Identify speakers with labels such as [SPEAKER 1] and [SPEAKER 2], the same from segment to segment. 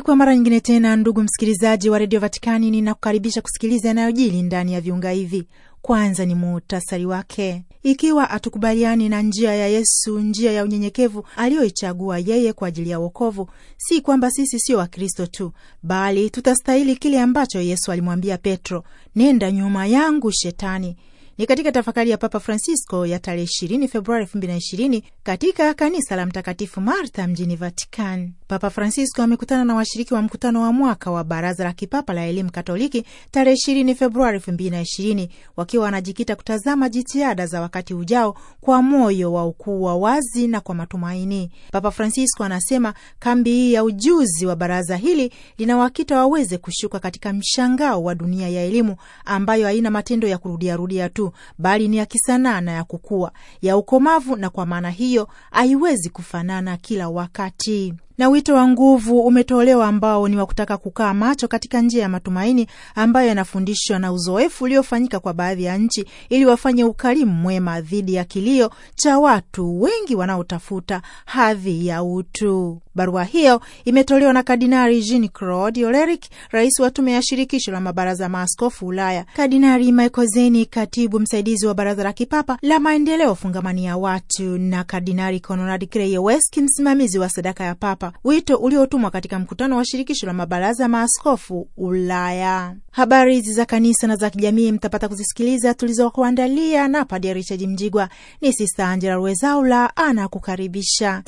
[SPEAKER 1] Ni kwa mara nyingine tena, ndugu msikilizaji wa redio Vatikani, ninakukaribisha kusikiliza yanayojili ndani ya viunga hivi. Kwanza ni muhtasari wake. Ikiwa hatukubaliani na njia ya Yesu, njia ya unyenyekevu aliyoichagua yeye kwa ajili ya wokovu, si kwamba sisi sio Wakristo tu, bali tutastahili kile ambacho Yesu alimwambia Petro, nenda nyuma yangu Shetani, ni katika tafakari ya Papa Francisco ya tarehe 20 Februari 2020 katika kanisa la Mtakatifu martha mjini Vatican. Papa Francisco amekutana na washiriki wa mkutano wa mwaka wa Baraza la Kipapa la Elimu Katoliki tarehe 20 Februari 2020 wakiwa wanajikita kutazama jitihada za wakati ujao kwa moyo wa ukuu wa wazi na kwa matumaini. Papa Francisco anasema kambi hii ya ujuzi wa baraza hili linawakita waweze kushuka katika mshangao wa dunia ya elimu ambayo haina matendo ya kurudiarudia tu bali ni ya kisanaa na ya kukua, ya ukomavu, na kwa maana hiyo haiwezi kufanana kila wakati na wito wa nguvu umetolewa ambao ni wa kutaka kukaa macho katika njia ya matumaini ambayo yanafundishwa na uzoefu uliofanyika kwa baadhi ya nchi ili wafanye ukarimu mwema dhidi ya kilio cha watu wengi wanaotafuta hadhi ya utu. Barua hiyo imetolewa na Kardinari Jean Claude Oleric, rais wa tume ya shirikisho la mabaraza maaskofu Ulaya, Kardinari Michael Zeni, katibu msaidizi wa baraza la kipapa la maendeleo fungamani ya watu, na Kardinari Conrad Kreye msimamizi wa sadaka ya papa wito uliotumwa katika mkutano wa shirikisho la mabaraza ya maaskofu Ulaya. Habari hizi za kanisa na za kijamii mtapata kuzisikiliza tulizokuandalia na Padre Richard Mjigwa. Ni Sista Angela Rwezaula anakukaribisha.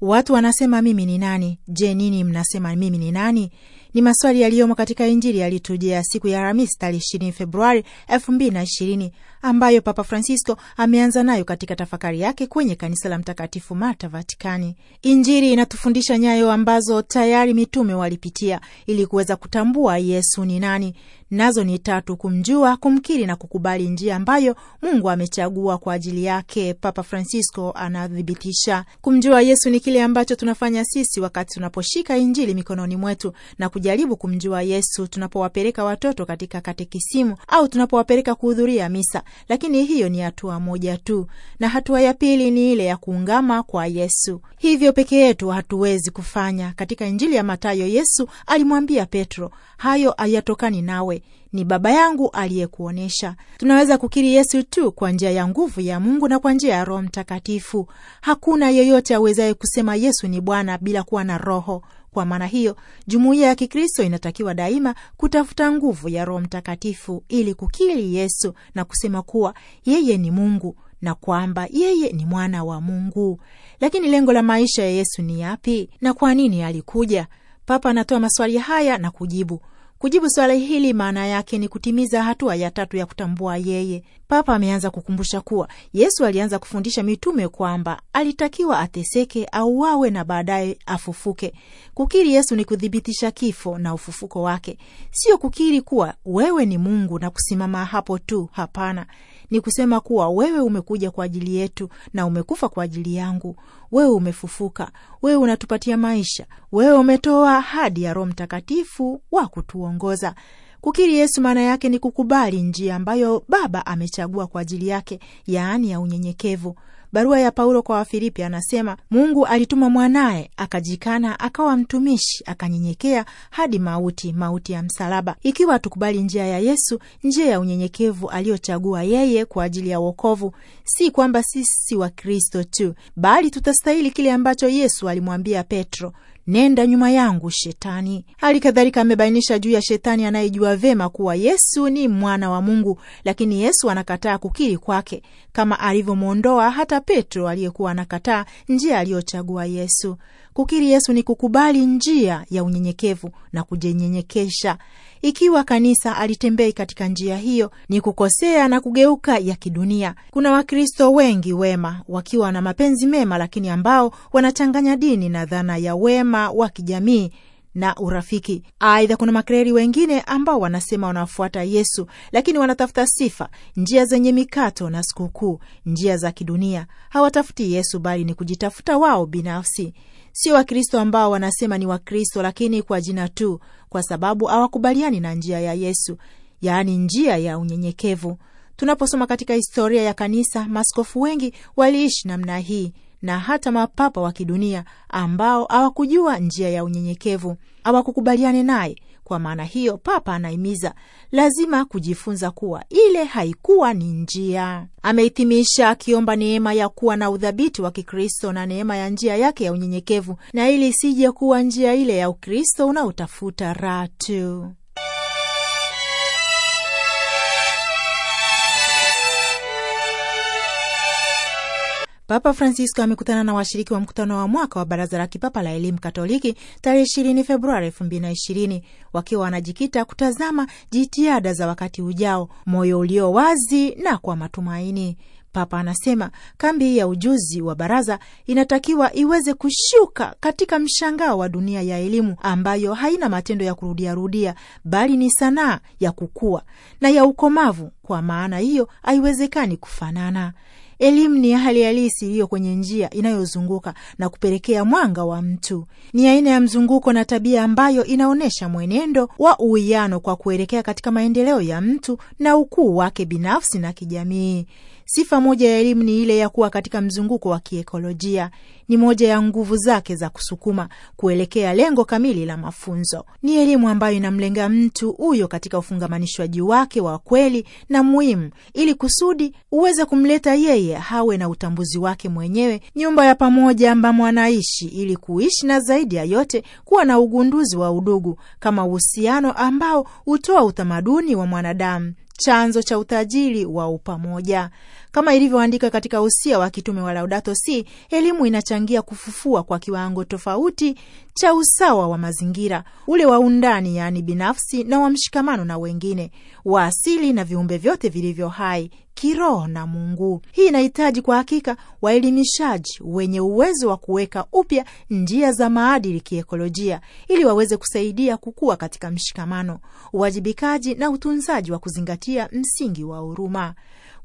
[SPEAKER 1] Watu wanasema mimi ni nani? Je, nini mnasema mimi ni nani? Ni maswali yaliyomo katika Injili yalitujia siku ya Alhamisi tarehe ishirini Februari elfu mbili na ishirini ambayo Papa Francisco ameanza nayo katika tafakari yake kwenye kanisa la Mtakatifu Marta, Vatikani. Injili inatufundisha nyayo ambazo tayari mitume walipitia ili kuweza kutambua Yesu ni nani nazo ni tatu: kumjua, kumkiri na kukubali njia ambayo Mungu amechagua kwa ajili yake. Papa Francisco anathibitisha kumjua Yesu ni kile ambacho tunafanya sisi wakati tunaposhika Injili mikononi mwetu na kujaribu kumjua Yesu tunapowapeleka watoto katika katekisimu au tunapowapeleka kuhudhuria misa, lakini hiyo ni hatua moja tu, na hatua ya pili ni ile ya kuungama kwa Yesu. Hivyo peke yetu hatuwezi kufanya. Katika Injili ya matayo Yesu alimwambia Petro, hayo hayatokani nawe ni Baba yangu aliyekuonyesha. Tunaweza kukiri Yesu tu kwa njia ya nguvu ya Mungu na kwa njia ya Roho Mtakatifu. Hakuna yeyote awezaye kusema Yesu ni Bwana bila kuwa na Roho. Kwa maana hiyo, jumuiya ya Kikristo inatakiwa daima kutafuta nguvu ya Roho Mtakatifu ili kukiri Yesu na kusema kuwa yeye ni Mungu na kwamba yeye ni mwana wa Mungu. Lakini lengo la maisha ya Yesu ni yapi na kwa nini alikuja? Papa anatoa maswali haya na kujibu Kujibu swali hili maana yake ni kutimiza hatua ya tatu ya kutambua yeye. Papa ameanza kukumbusha kuwa Yesu alianza kufundisha mitume kwamba alitakiwa ateseke, auawe na baadaye afufuke. Kukiri Yesu ni kuthibitisha kifo na ufufuko wake, sio kukiri kuwa wewe ni Mungu na kusimama hapo tu. Hapana ni kusema kuwa wewe umekuja kwa ajili yetu na umekufa kwa ajili yangu. Wewe umefufuka, wewe unatupatia maisha, wewe umetoa ahadi ya Roho Mtakatifu wa kutuongoza. Kukiri Yesu maana yake ni kukubali njia ambayo Baba amechagua kwa ajili yake, yaani ya unyenyekevu. Barua ya Paulo kwa Wafilipi anasema Mungu alituma mwanaye akajikana, akawa mtumishi, akanyenyekea hadi mauti, mauti ya msalaba. Ikiwa tukubali njia ya Yesu, njia ya unyenyekevu aliyochagua yeye kwa ajili ya wokovu, si kwamba sisi Wakristo tu, bali tutastahili kile ambacho Yesu alimwambia Petro, nenda nyuma yangu Shetani. Hali kadhalika amebainisha juu ya Shetani anayejua vema kuwa Yesu ni mwana wa Mungu, lakini Yesu anakataa kukiri kwake, kama alivyomwondoa hata Petro aliyekuwa anakataa njia aliyochagua Yesu. Kukiri Yesu ni kukubali njia ya unyenyekevu na kujinyenyekesha. Ikiwa kanisa alitembei katika njia hiyo, ni kukosea na kugeuka ya kidunia. Kuna Wakristo wengi wema wakiwa na mapenzi mema, lakini ambao wanachanganya dini na dhana ya wema usalama wa kijamii na urafiki. Aidha, kuna makreri wengine ambao wanasema wanafuata Yesu, lakini wanatafuta sifa, njia zenye mikato na sikukuu, njia za kidunia. Hawatafuti Yesu, bali ni kujitafuta wao binafsi. Sio Wakristo ambao wanasema ni Wakristo, lakini kwa jina tu, kwa sababu hawakubaliani na njia ya Yesu, yaani njia ya unyenyekevu. Tunaposoma katika historia ya kanisa, maskofu wengi waliishi namna hii na hata mapapa wa kidunia ambao hawakujua njia ya unyenyekevu, hawakukubaliana naye. Kwa maana hiyo, papa anahimiza lazima kujifunza kuwa ile haikuwa ni njia. Amehitimisha akiomba neema ya kuwa na udhabiti wa Kikristo na neema ya njia yake ya unyenyekevu, na ili isije kuwa njia ile ya Ukristo unaotafuta ratu Papa Francisco amekutana na washiriki wa mkutano wa mwaka wa Baraza la Kipapa la Elimu Katoliki tarehe 20 Februari 2020 wakiwa wanajikita kutazama jitihada za wakati ujao, moyo ulio wazi na kwa matumaini. Papa anasema kambi ya ujuzi wa baraza inatakiwa iweze kushuka katika mshangao wa dunia ya elimu ambayo haina matendo ya kurudiarudia, bali ni sanaa ya kukua na ya ukomavu. Kwa maana hiyo haiwezekani kufanana. Elimu ni hali halisi iliyo kwenye njia inayozunguka na kupelekea mwanga wa mtu. Ni aina ya mzunguko na tabia ambayo inaonyesha mwenendo wa uwiano kwa kuelekea katika maendeleo ya mtu na ukuu wake binafsi na kijamii. Sifa moja ya elimu ni ile ya kuwa katika mzunguko wa kiekolojia ni moja ya nguvu zake za kusukuma kuelekea lengo kamili la mafunzo. Ni elimu ambayo inamlenga mtu huyo katika ufungamanishwaji wake wa kweli na muhimu, ili kusudi uweze kumleta yeye hawe na utambuzi wake mwenyewe, nyumba ya pamoja ambamo anaishi, ili kuishi na zaidi ya yote kuwa na ugunduzi wa udugu kama uhusiano ambao hutoa utamaduni wa mwanadamu chanzo cha utajiri wa upamoja. Kama ilivyoandika katika usia wa kitume wa Laudato Si, elimu inachangia kufufua kwa kiwango tofauti cha usawa wa mazingira, ule wa undani, yaani binafsi, na wa mshikamano na wengine, wa asili na viumbe vyote vilivyo hai kiroho na Mungu. Hii inahitaji kwa hakika waelimishaji wenye uwezo wa kuweka upya njia za maadili kiekolojia, ili waweze kusaidia kukua katika mshikamano, uwajibikaji na utunzaji wa kuzingatia msingi wa huruma.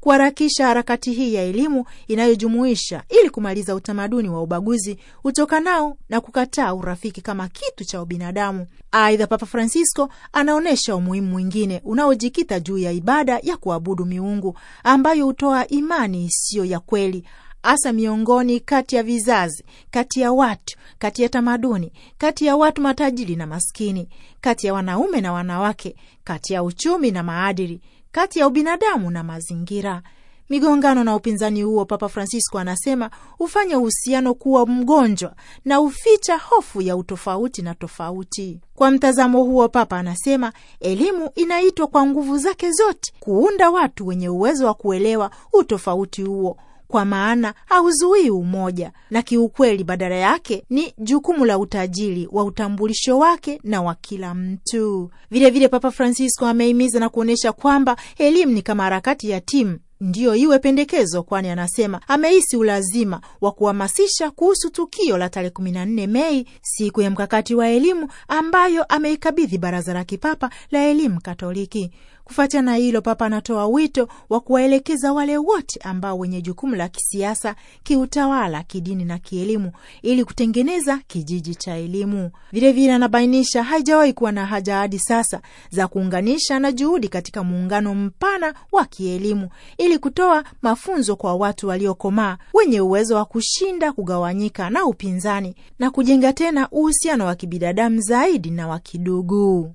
[SPEAKER 1] Kuharakisha harakati hii ya elimu inayojumuisha ili kumaliza utamaduni wa ubaguzi utokanao na kukataa urafiki kama kitu cha ubinadamu. Aidha, Papa Francisco anaonyesha umuhimu mwingine unaojikita juu ya ibada ya kuabudu miungu ambayo hutoa imani isiyo ya kweli hasa miongoni kati ya vizazi, kati ya watu, kati ya tamaduni, kati ya watu matajiri na maskini, kati ya wanaume na wanawake, kati ya uchumi na maadili, kati ya ubinadamu na mazingira migongano na upinzani huo, Papa Francisco anasema hufanya uhusiano kuwa mgonjwa na huficha hofu ya utofauti na tofauti. Kwa mtazamo huo, Papa anasema elimu inaitwa kwa nguvu zake zote kuunda watu wenye uwezo wa kuelewa utofauti huo kwa maana hauzuii umoja na kiukweli, badala yake ni jukumu la utajiri wa utambulisho wake na wa kila mtu. Vilevile Papa Francisco amehimiza na kuonyesha kwamba elimu ni kama harakati ya timu ndiyo iwe pendekezo, kwani anasema amehisi ulazima wa kuhamasisha kuhusu tukio la tarehe 14 Mei, siku ya mkakati wa elimu ambayo ameikabidhi Baraza la Kipapa la Elimu Katoliki kufuatia na hilo, Papa anatoa wito wa kuwaelekeza wale wote ambao wenye jukumu la kisiasa, kiutawala, kidini na kielimu ili kutengeneza kijiji cha elimu. Vilevile anabainisha haijawahi kuwa na haja hadi sasa za kuunganisha na juhudi katika muungano mpana wa kielimu ili kutoa mafunzo kwa watu waliokomaa wenye uwezo wa kushinda kugawanyika na upinzani na kujenga tena uhusiano wa kibinadamu zaidi na wa kidugu.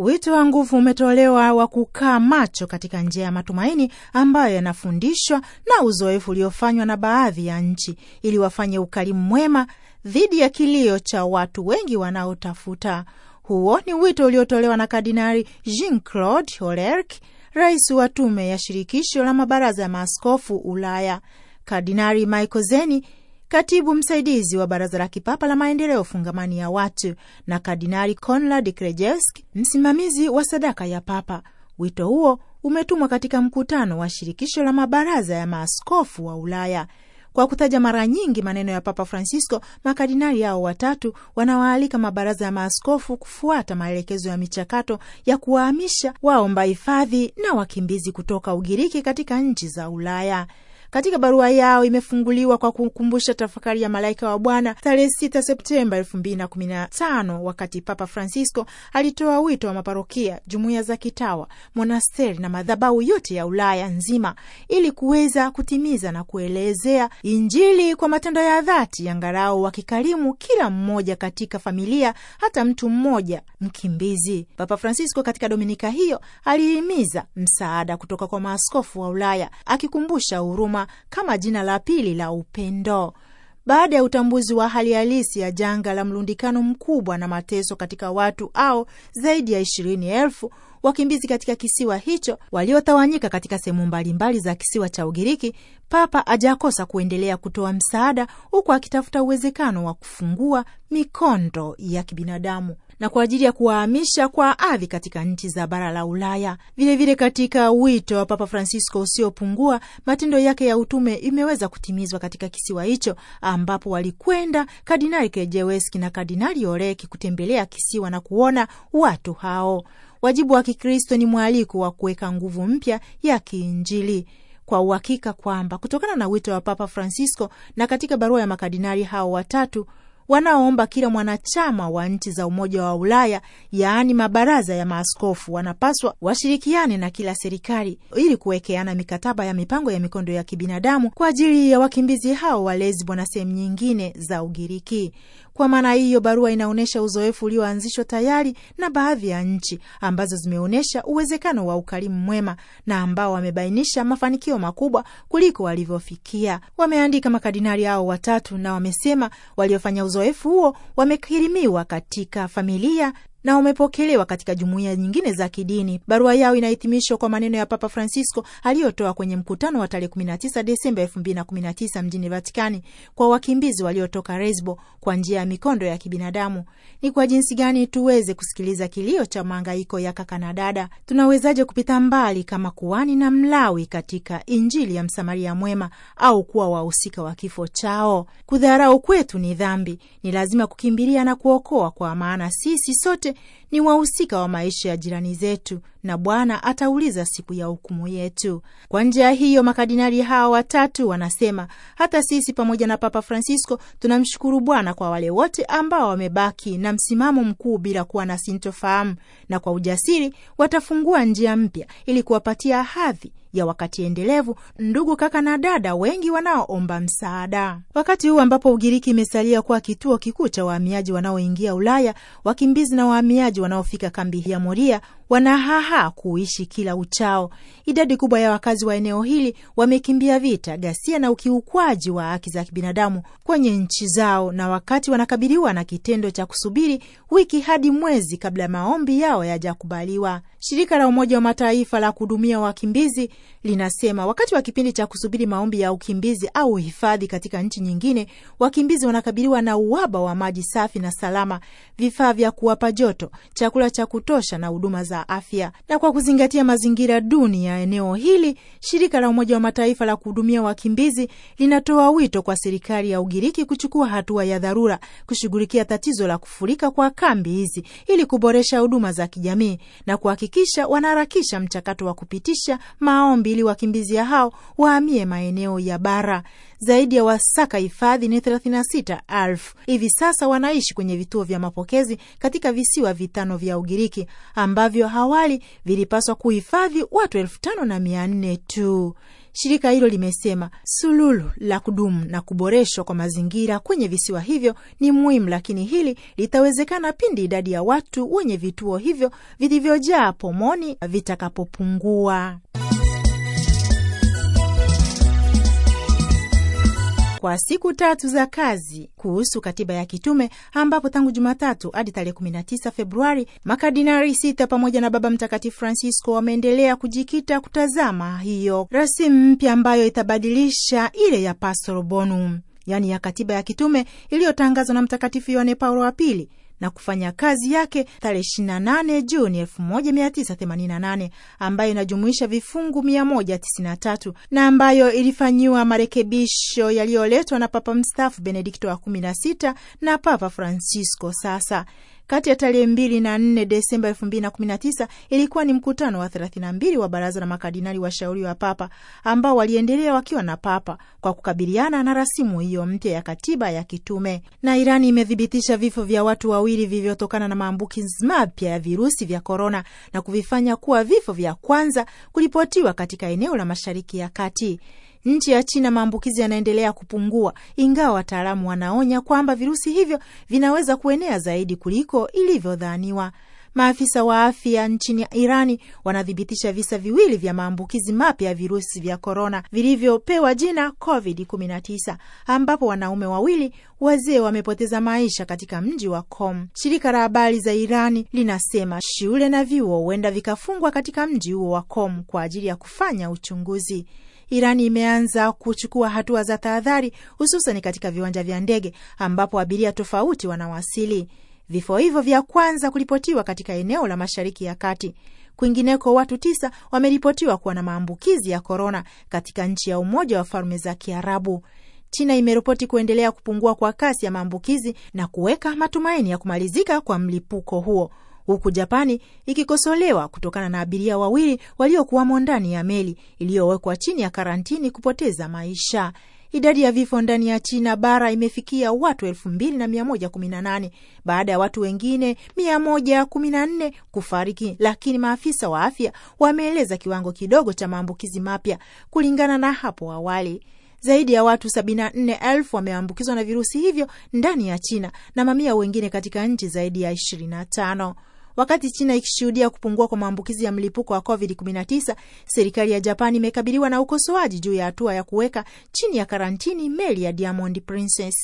[SPEAKER 1] Wito wa nguvu umetolewa wa kukaa macho katika njia ya matumaini ambayo yanafundishwa na uzoefu uliofanywa na baadhi ya nchi ili wafanye ukarimu mwema dhidi ya kilio cha watu wengi wanaotafuta. Huo ni wito uliotolewa na Kardinali Jean Claude Hollerich, rais wa tume ya shirikisho la mabaraza ya maaskofu Ulaya. Kardinali Michael Zeni katibu msaidizi wa Baraza la Kipapa la Maendeleo Fungamani ya Watu, na Kardinali Konrad Krajewski, msimamizi wa sadaka ya Papa. Wito huo umetumwa katika mkutano wa shirikisho la mabaraza ya maaskofu wa Ulaya. Kwa kutaja mara nyingi maneno ya Papa Francisco, makardinali hao watatu wanawaalika mabaraza ya maaskofu kufuata maelekezo ya michakato ya kuwahamisha waomba hifadhi na wakimbizi kutoka Ugiriki katika nchi za Ulaya. Katika barua yao imefunguliwa kwa kukumbusha tafakari ya malaika wa Bwana tarehe 6 Septemba elfu mbili na kumi na tano wakati Papa Francisco alitoa wito wa maparokia, jumuiya za kitawa, monasteri na madhabahu yote ya Ulaya nzima ili kuweza kutimiza na kuelezea Injili kwa matendo ya dhati, angalau wakikarimu kila mmoja katika familia, hata mtu mmoja mkimbizi. Papa Francisco katika dominika hiyo alihimiza msaada kutoka kwa maaskofu wa Ulaya akikumbusha huruma huruma kama jina la pili la upendo. Baada ya utambuzi wa hali halisi ya janga la mlundikano mkubwa na mateso katika watu au zaidi ya ishirini elfu wakimbizi katika kisiwa hicho waliotawanyika katika sehemu mbalimbali za kisiwa cha Ugiriki, Papa ajakosa kuendelea kutoa msaada, huku akitafuta uwezekano wa kufungua mikondo ya kibinadamu na kwa ajili ya kuwahamisha kwa ardhi katika nchi za bara la Ulaya. Vilevile vile katika wito wa Papa Francisco usiopungua, matendo yake ya utume imeweza kutimizwa katika kisiwa hicho, ambapo walikwenda Kardinali kejeweski na Kardinali Oreki kutembelea kisiwa na kuona watu hao wajibu wa Kikristo ni mwaliko wa kuweka nguvu mpya ya kiinjili kwa uhakika kwamba kutokana na wito wa Papa Francisco na katika barua ya makardinali hao watatu wanaoomba kila mwanachama wa nchi za Umoja wa Ulaya, yaani mabaraza ya maaskofu, wanapaswa washirikiane na kila serikali ili kuwekeana mikataba ya mipango ya mikondo ya kibinadamu kwa ajili ya wakimbizi hao wa Lesbo na sehemu nyingine za Ugiriki. Kwa maana hiyo, barua inaonyesha uzoefu ulioanzishwa tayari na baadhi ya nchi ambazo zimeonyesha uwezekano wa ukarimu mwema na ambao wamebainisha mafanikio makubwa kuliko walivyofikia. Wameandika makardinali hao watatu na wamesema waliofanya uzoefu huo wamekirimiwa katika familia na umepokelewa katika jumuiya nyingine za kidini. Barua yao inahitimishwa kwa maneno ya Papa Francisco aliyotoa kwenye mkutano wa tarehe 19 Desemba 2019 mjini Vatikani kwa wakimbizi waliotoka Lesbo kwa njia ya mikondo ya kibinadamu. Ni kwa jinsi gani tuweze kusikiliza kilio cha mangaiko ya kaka na dada? Tunawezaje kupita mbali kama kuani na Mlawi katika Injili ya Msamaria Mwema, au kuwa wahusika wa kifo chao? Kudharau kwetu ni dhambi, ni lazima kukimbilia na kuokoa, kwa maana sisi sote ni wahusika wa maisha ya jirani zetu, na Bwana atauliza siku ya hukumu yetu. Kwa njia hiyo, makadinari hawa watatu wanasema hata sisi pamoja na Papa Francisco tunamshukuru Bwana kwa wale wote ambao wamebaki na msimamo mkuu bila kuwa na sintofahamu, na kwa ujasiri watafungua njia mpya ili kuwapatia hadhi ya wakati endelevu, ndugu kaka na dada wengi wanaoomba msaada. Wakati huu ambapo Ugiriki imesalia kuwa kituo kikuu cha wahamiaji wanaoingia Ulaya, wakimbizi na wahamiaji wanaofika kambi ya Moria wanahaha kuishi kila uchao. Idadi kubwa ya wakazi wa eneo hili wamekimbia vita, ghasia na ukiukwaji wa haki za kibinadamu kwenye nchi zao, na wakati wanakabiliwa na kitendo cha kusubiri wiki hadi mwezi kabla ya maombi yao yajakubaliwa. Shirika la Umoja wa Mataifa la kuhudumia wakimbizi linasema wakati wa kipindi cha kusubiri maombi ya ukimbizi au hifadhi katika nchi nyingine, wakimbizi wanakabiliwa na uhaba wa maji safi na salama, vifaa vya kuwapa joto, chakula cha kutosha na huduma za afya. Na kwa kuzingatia mazingira duni ya eneo hili, shirika la Umoja wa Mataifa la kuhudumia wakimbizi linatoa wito kwa serikali ya Ugiriki kuchukua hatua ya dharura kushughulikia tatizo la kufurika kwa kambi hizi ili kuboresha huduma za kijamii na kuhakikisha kuhakikisha wanaharakisha mchakato wa kupitisha maombi ili wakimbizi hao wahamie maeneo ya bara zaidi ya wasaka hifadhi ni 36,000 hivi sasa wanaishi kwenye vituo vya mapokezi katika visiwa vitano vya Ugiriki ambavyo awali vilipaswa kuhifadhi watu elfu tano na mia nne tu. Shirika hilo limesema sululu la kudumu na kuboreshwa kwa mazingira kwenye visiwa hivyo ni muhimu, lakini hili litawezekana pindi idadi ya watu wenye vituo hivyo vilivyojaa pomoni vitakapopungua. kwa siku tatu za kazi kuhusu katiba ya kitume ambapo tangu Jumatatu hadi tarehe 19 Februari makardinari sita pamoja na Baba Mtakatifu Francisco wameendelea kujikita kutazama hiyo rasimu mpya ambayo itabadilisha ile ya Pastor Bonum yaani ya katiba ya kitume iliyotangazwa na Mtakatifu Yohane Paulo wa Pili na kufanya kazi yake tarehe 28 Juni 1988 ambayo inajumuisha vifungu 193 na ambayo ilifanyiwa marekebisho yaliyoletwa na Papa mstaafu Benedikto wa 16 na Papa Francisco. Sasa kati ya tarehe mbili na nne Desemba elfu mbili na kumi na tisa ilikuwa ni mkutano wa thelathini na mbili wa baraza la makardinali washauri wa papa ambao waliendelea wakiwa na papa kwa kukabiliana na rasimu hiyo mpya ya katiba ya kitume. Na Irani imethibitisha vifo vya watu wawili vilivyotokana na maambukizi mapya ya virusi vya korona na kuvifanya kuwa vifo vya kwanza kuripotiwa katika eneo la Mashariki ya Kati. Nchi ya China maambukizi yanaendelea kupungua, ingawa wataalamu wanaonya kwamba virusi hivyo vinaweza kuenea zaidi kuliko ilivyodhaniwa. Maafisa wa afya nchini Irani wanathibitisha visa viwili vya maambukizi mapya ya virusi vya korona vilivyopewa jina COVID-19, ambapo wanaume wawili wazee wamepoteza maisha katika mji wa com Shirika la habari za Irani linasema shule na vyuo huenda vikafungwa katika mji huo wa com kwa ajili ya kufanya uchunguzi. Irani imeanza kuchukua hatua za tahadhari, hususan katika viwanja vya ndege ambapo abiria tofauti wanawasili. Vifo hivyo vya kwanza kuripotiwa katika eneo la Mashariki ya Kati. Kwingineko, watu tisa wameripotiwa kuwa na maambukizi ya korona katika nchi ya Umoja wa Falme za Kiarabu. China imeripoti kuendelea kupungua kwa kasi ya maambukizi na kuweka matumaini ya kumalizika kwa mlipuko huo huku Japani ikikosolewa kutokana na abiria wawili waliokuwamo ndani ya meli iliyowekwa chini ya karantini kupoteza maisha. Idadi ya vifo ndani ya China bara imefikia watu elfu mbili na mia moja kumi na nane baada ya watu wengine mia moja kumi na nne kufariki, lakini maafisa wa afya wameeleza kiwango kidogo cha maambukizi mapya kulingana na hapo awali. Zaidi ya watu 74,000 wameambukizwa na virusi hivyo ndani ya China na mamia wengine katika nchi zaidi ya 25. Wakati China ikishuhudia kupungua kwa maambukizi ya mlipuko wa COVID-19, serikali ya Japan imekabiliwa na ukosoaji juu ya hatua ya kuweka chini ya karantini meli ya Diamond Princess.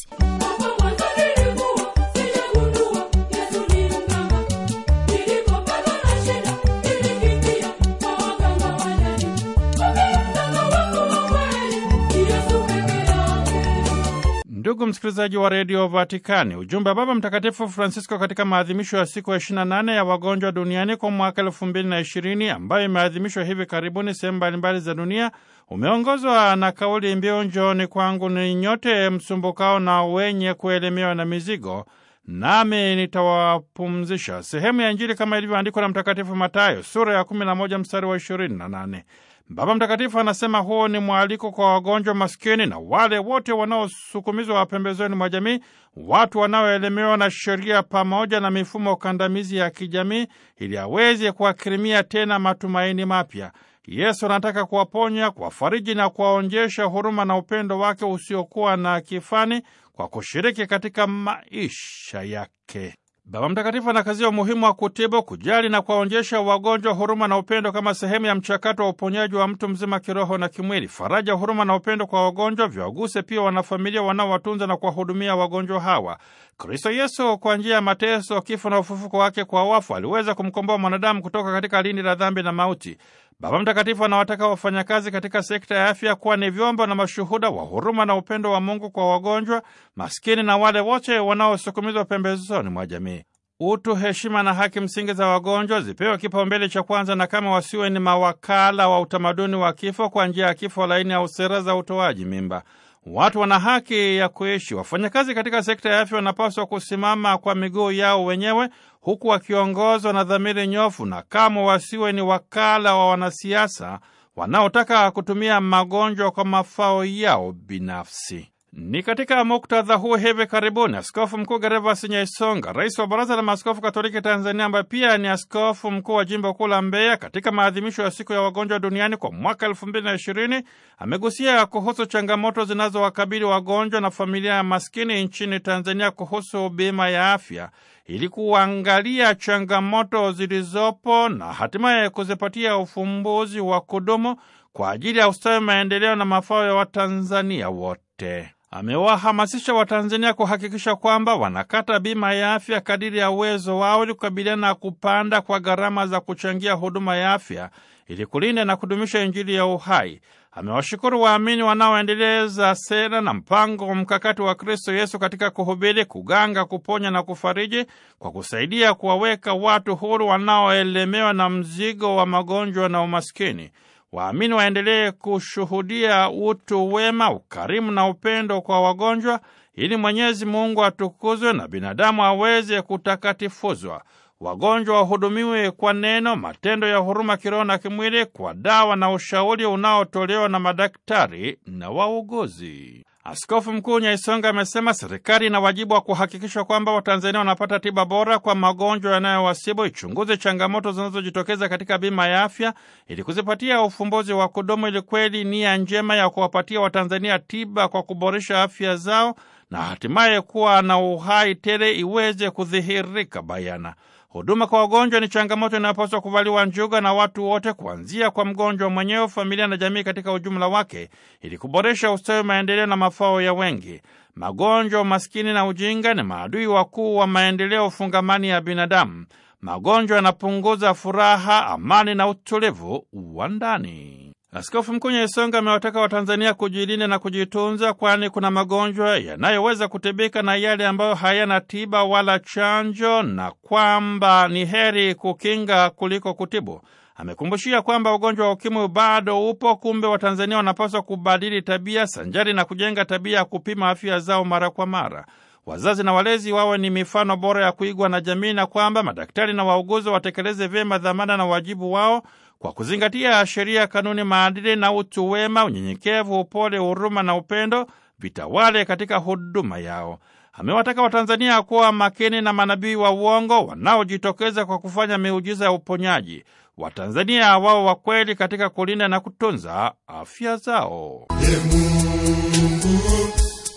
[SPEAKER 2] Ndugu msikilizaji wa redio Vatikani, ujumbe wa Baba Mtakatifu Francisco katika maadhimisho ya siku ya 28 ya wagonjwa duniani kwa mwaka 2020 ambayo imeadhimishwa hivi karibuni sehemu mbalimbali za dunia umeongozwa na kauli mbiu njoni kwangu ni nyote msumbukao na wenye kuelemewa na mizigo nami nitawapumzisha. Sehemu ya Injili kama ilivyoandikwa na Mtakatifu Matayo sura ya 11 mstari wa 28. Baba Mtakatifu anasema huo ni mwaliko kwa wagonjwa, maskini na wale wote wanaosukumizwa pembezoni mwa jamii, watu wanaoelemewa na sheria pamoja na mifumo kandamizi ya kijamii, ili aweze kuwakirimia tena matumaini mapya. Yesu anataka kuwaponya, kuwafariji na kuwaonjesha huruma na upendo wake usiokuwa na kifani kwa kushiriki katika maisha yake. Baba Mtakatifu anakazia umuhimu wa kutibu, kujali na kuwaonjesha wagonjwa huruma na upendo kama sehemu ya mchakato wa uponyaji wa mtu mzima kiroho na kimwili. Faraja, huruma na upendo kwa wagonjwa viwaguse pia wanafamilia wanaowatunza na kuwahudumia wagonjwa hawa. Kristo Yesu kwa njia ya mateso, kifo na ufufuko wake kwa wafu aliweza kumkomboa mwanadamu kutoka katika lindi la dhambi na mauti. Baba Mtakatifu anawataka wafanyakazi katika sekta ya afya kuwa ni vyombo na mashuhuda wa huruma na upendo wa Mungu kwa wagonjwa, maskini na wale wote wanaosukumizwa pembezoni mwa jamii. Utu, heshima na haki msingi za wagonjwa zipewe kipaumbele cha kwanza, na kama wasiwe ni mawakala wa utamaduni wa kifo kwa njia ya kifo laini au sera za utoaji mimba. Watu wana haki ya kuishi. Wafanyakazi katika sekta ya afya wanapaswa kusimama kwa miguu yao wenyewe, huku wakiongozwa na dhamiri nyofu, na kamwe wasiwe ni wakala wa wanasiasa wanaotaka kutumia magonjwa kwa mafao yao binafsi. Ni katika muktadha huo hivi karibuni askofu mkuu Gervas Nyaisonga, rais wa Baraza la Maaskofu Katoliki Tanzania, ambaye pia ni askofu mkuu wa jimbo kuu la Mbeya, katika maadhimisho ya siku ya wagonjwa duniani kwa mwaka elfu mbili na ishirini amegusia kuhusu changamoto zinazowakabili wagonjwa na familia ya maskini nchini Tanzania kuhusu bima ya afya ili kuangalia changamoto zilizopo na hatimaye kuzipatia ufumbuzi wa kudumu kwa ajili ya ustawi, maendeleo na mafao ya Watanzania wote amewahamasisha Watanzania kuhakikisha kwamba wanakata bima ya afya kadiri ya uwezo wao ili kukabiliana na kupanda kwa gharama za kuchangia huduma ya afya ili kulinda na kudumisha Injili ya uhai. Amewashukuru waamini wanaoendeleza sera na mpango mkakati wa Kristo Yesu katika kuhubiri, kuganga, kuponya na kufariji kwa kusaidia kuwaweka watu huru wanaoelemewa na mzigo wa magonjwa na umaskini. Waamini waendelee kushuhudia utu wema, ukarimu na upendo kwa wagonjwa, ili Mwenyezi Mungu atukuzwe na binadamu aweze kutakatifuzwa. Wagonjwa wahudumiwe kwa neno, matendo ya huruma kiroho na kimwili, kwa dawa na ushauri unaotolewa na madaktari na wauguzi. Askofu Mkuu Nyaisonga amesema serikali ina wajibu wa kuhakikisha kwamba Watanzania wanapata tiba bora kwa magonjwa yanayowasibu, ichunguze changamoto zinazojitokeza katika bima ya afya ili kuzipatia ufumbuzi wa kudumu, ili kweli nia njema ya kuwapatia Watanzania tiba kwa kuboresha afya zao na hatimaye kuwa na uhai tele iweze kudhihirika bayana. Huduma kwa wagonjwa ni changamoto inayopaswa kuvaliwa njuga na watu wote, kuanzia kwa mgonjwa mwenyewe, familia na jamii katika ujumla wake, ili kuboresha ustawi, maendeleo na mafao ya wengi. Magonjwa, umaskini na ujinga ni maadui wakuu wa maendeleo fungamani ya binadamu. Magonjwa yanapunguza furaha, amani na utulivu wa ndani. Askofu Mkuu Nyaisonga amewataka Watanzania kujilinda na kujitunza, kwani kuna magonjwa yanayoweza kutibika na yale ambayo hayana tiba wala chanjo, na kwamba ni heri kukinga kuliko kutibu. Amekumbushia kwamba ugonjwa wa ukimwi bado upo, kumbe Watanzania wanapaswa kubadili tabia sanjari na kujenga tabia ya kupima afya zao mara kwa mara. Wazazi na walezi wawe ni mifano bora ya kuigwa na jamii, na kwamba madaktari na wauguzi watekeleze vyema dhamana na wajibu wao kwa kuzingatia sheria, kanuni, maadili na utu wema, unyenyekevu, upole, huruma na upendo vitawale katika huduma yao. Amewataka Watanzania kuwa makini na manabii wa uongo wanaojitokeza kwa kufanya miujiza ya uponyaji. Watanzania wao wa kweli katika kulinda na kutunza afya zao.
[SPEAKER 3] Mungu,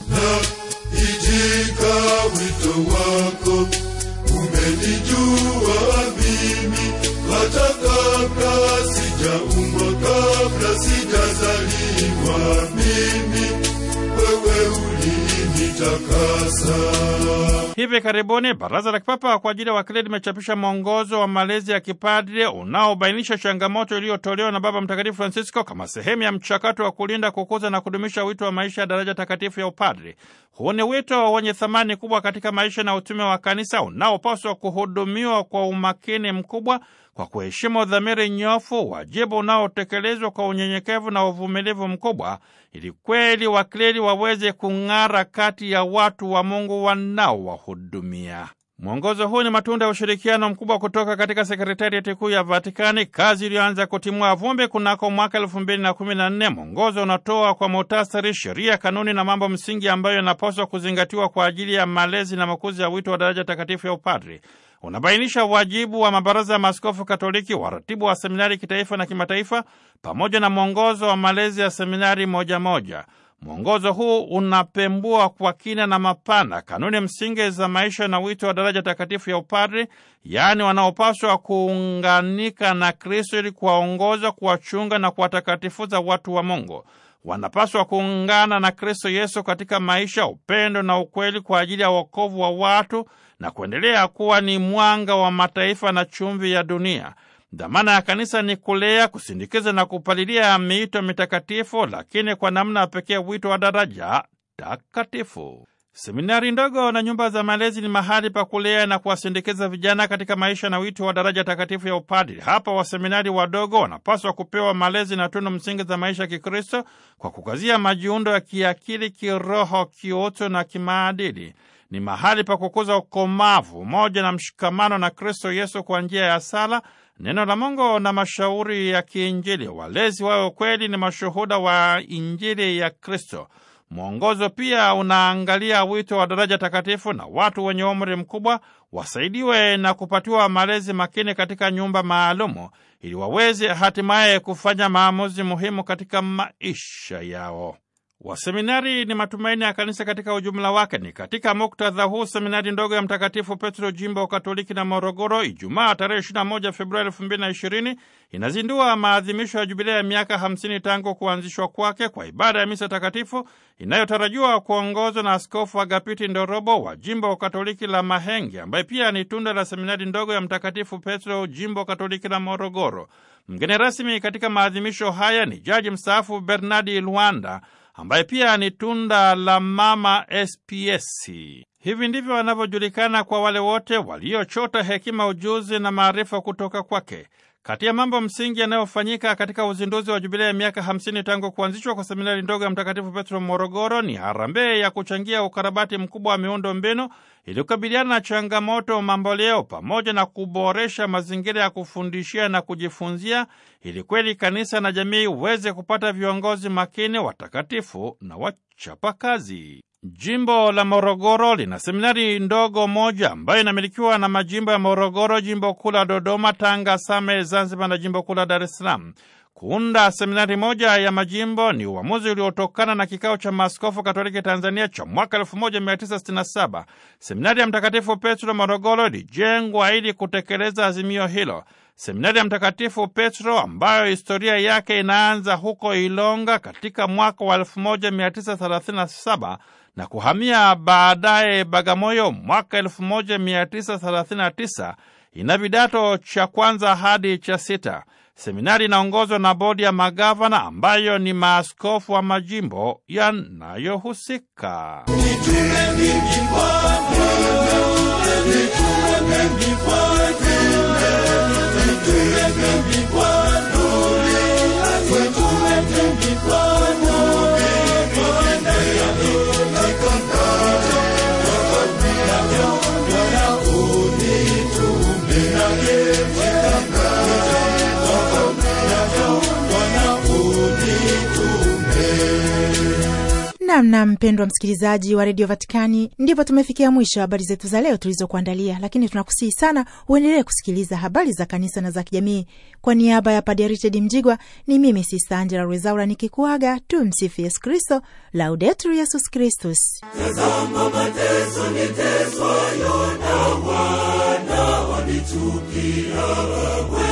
[SPEAKER 3] na ijika wito wako, umenijua mimi sijaumbwa kabla sijazaliwa mimi, wewe ulinitakasa.
[SPEAKER 2] Hivi karibuni Baraza la Kipapa kwa ajili ya Wakili limechapisha mwongozo wa malezi ya kipadre unaobainisha changamoto iliyotolewa na Baba Mtakatifu Francisco kama sehemu ya mchakato wa kulinda, kukuza na kudumisha wito wa maisha ya daraja takatifu ya upadre. Huu ni wito wenye thamani kubwa katika maisha na utume wa Kanisa unaopaswa kuhudumiwa kwa umakini mkubwa kwa kuheshimu dhamiri nyofu, wajibu unaotekelezwa kwa unyenyekevu na uvumilivu mkubwa, ili kweli wakleri waweze kung'ara kati ya watu wa Mungu wanaowahudumia. Mwongozo huu ni matunda ya ushirikiano mkubwa kutoka katika sekretarieti kuu ya Vatikani, kazi iliyoanza kutimua vumbi kunako mwaka elfu mbili na kumi na nne. Mwongozo unatoa kwa muhtasari sheria, kanuni na mambo msingi ambayo yanapaswa kuzingatiwa kwa ajili ya malezi na makuzi ya wito wa daraja takatifu ya upadri unabainisha wajibu wa mabaraza ya maaskofu Katoliki, waratibu wa seminari kitaifa na kimataifa, pamoja na mwongozo wa malezi ya seminari moja moja. Mwongozo huu unapembua kwa kina na mapana kanuni msingi za maisha na wito wa daraja takatifu ya upadri yaani wanaopaswa kuunganika na Kristo ili kuwaongoza, kuwachunga na kuwatakatifuza watu wa Mungu. Wanapaswa kuungana na Kristo Yesu katika maisha, upendo na ukweli kwa ajili ya wokovu wa watu na kuendelea kuwa ni mwanga wa mataifa na chumvi ya dunia. Dhamana ya kanisa ni kulea, kusindikiza na kupalilia miito mitakatifu, lakini kwa namna pekee wito wa daraja takatifu. Seminari ndogo na nyumba za malezi ni mahali pa kulea na kuwasindikiza vijana katika maisha na wito wa daraja takatifu ya upadri. Hapa waseminari wadogo wanapaswa kupewa malezi na tunu msingi za maisha ya Kikristo kwa kukazia majiundo ya kiakili, kiroho, kiuto na kimaadili ni mahali pa kukuza ukomavu, umoja na mshikamano na Kristo Yesu kwa njia ya sala, neno la Mungu na mashauri ya kiinjili. Walezi wao kweli ni mashuhuda wa Injili ya Kristo. Mwongozo pia unaangalia wito wa daraja takatifu na watu wenye umri mkubwa wasaidiwe na kupatiwa malezi makini katika nyumba maalumu ili waweze hatimaye kufanya maamuzi muhimu katika maisha yao. Waseminari ni matumaini ya kanisa katika ujumla wake. Ni katika muktadha huu seminari ndogo ya Mtakatifu Petro jimbo Katoliki na Morogoro, Ijumaa tarehe 21 Februari 2020 inazindua maadhimisho ya jubilea ya miaka 50 tangu kuanzishwa kwake kwa ibada ya misa takatifu inayotarajiwa kuongozwa na Askofu Agapiti Ndorobo wa jimbo Katoliki la Mahenge, ambaye pia ni tunda la seminari ndogo ya Mtakatifu Petro jimbo Katoliki la Morogoro. Mgeni rasmi katika maadhimisho haya ni jaji mstaafu Bernardi Lwanda ambaye pia ni tunda la mama SPS. Hivi ndivyo wanavyojulikana kwa wale wote waliochota hekima, ujuzi na maarifa kutoka kwake. Kati ya mambo msingi yanayofanyika katika uzinduzi wa jubilia ya miaka 50 tangu kuanzishwa kwa seminari ndogo ya Mtakatifu Petro Morogoro ni harambee ya kuchangia ukarabati mkubwa wa miundo mbinu ili kukabiliana na changamoto mamboleo pamoja na kuboresha mazingira ya kufundishia na kujifunzia ili kweli kanisa na jamii uweze kupata viongozi makini, watakatifu na wachapakazi. Jimbo la Morogoro lina seminari ndogo moja ambayo inamilikiwa na majimbo ya Morogoro, jimbo kuu la Dodoma, Tanga, Same, Zanzibar na jimbo kuu la Dar es Salaam. Kuunda seminari moja ya majimbo ni uamuzi uliotokana na kikao cha maaskofu Katoliki Tanzania cha mwaka 1967. Seminari ya Mtakatifu Petro Morogoro ilijengwa ili kutekeleza azimio hilo. Seminari ya Mtakatifu Petro ambayo historia yake inaanza huko Ilonga katika mwaka wa 1937 na kuhamia baadaye Bagamoyo mwaka 1939. Ina vidato cha kwanza hadi cha sita. Seminari inaongozwa na bodi ya magavana ambayo ni maaskofu wa majimbo yanayohusika.
[SPEAKER 1] Namna mpendwa msikilizaji wa redio Vatikani, ndivyo tumefikia mwisho habari zetu za leo tulizokuandalia, lakini tunakusihi sana uendelee kusikiliza habari za kanisa na za kijamii. Kwa niaba ya Padre Richard Mjigwa, ni mimi Sista Angela Rwezaura nikikuaga tu. Msifu Yesu Kristo, Laudetur Yesus Kristus.
[SPEAKER 3] Tazama mateso na wana wanichukia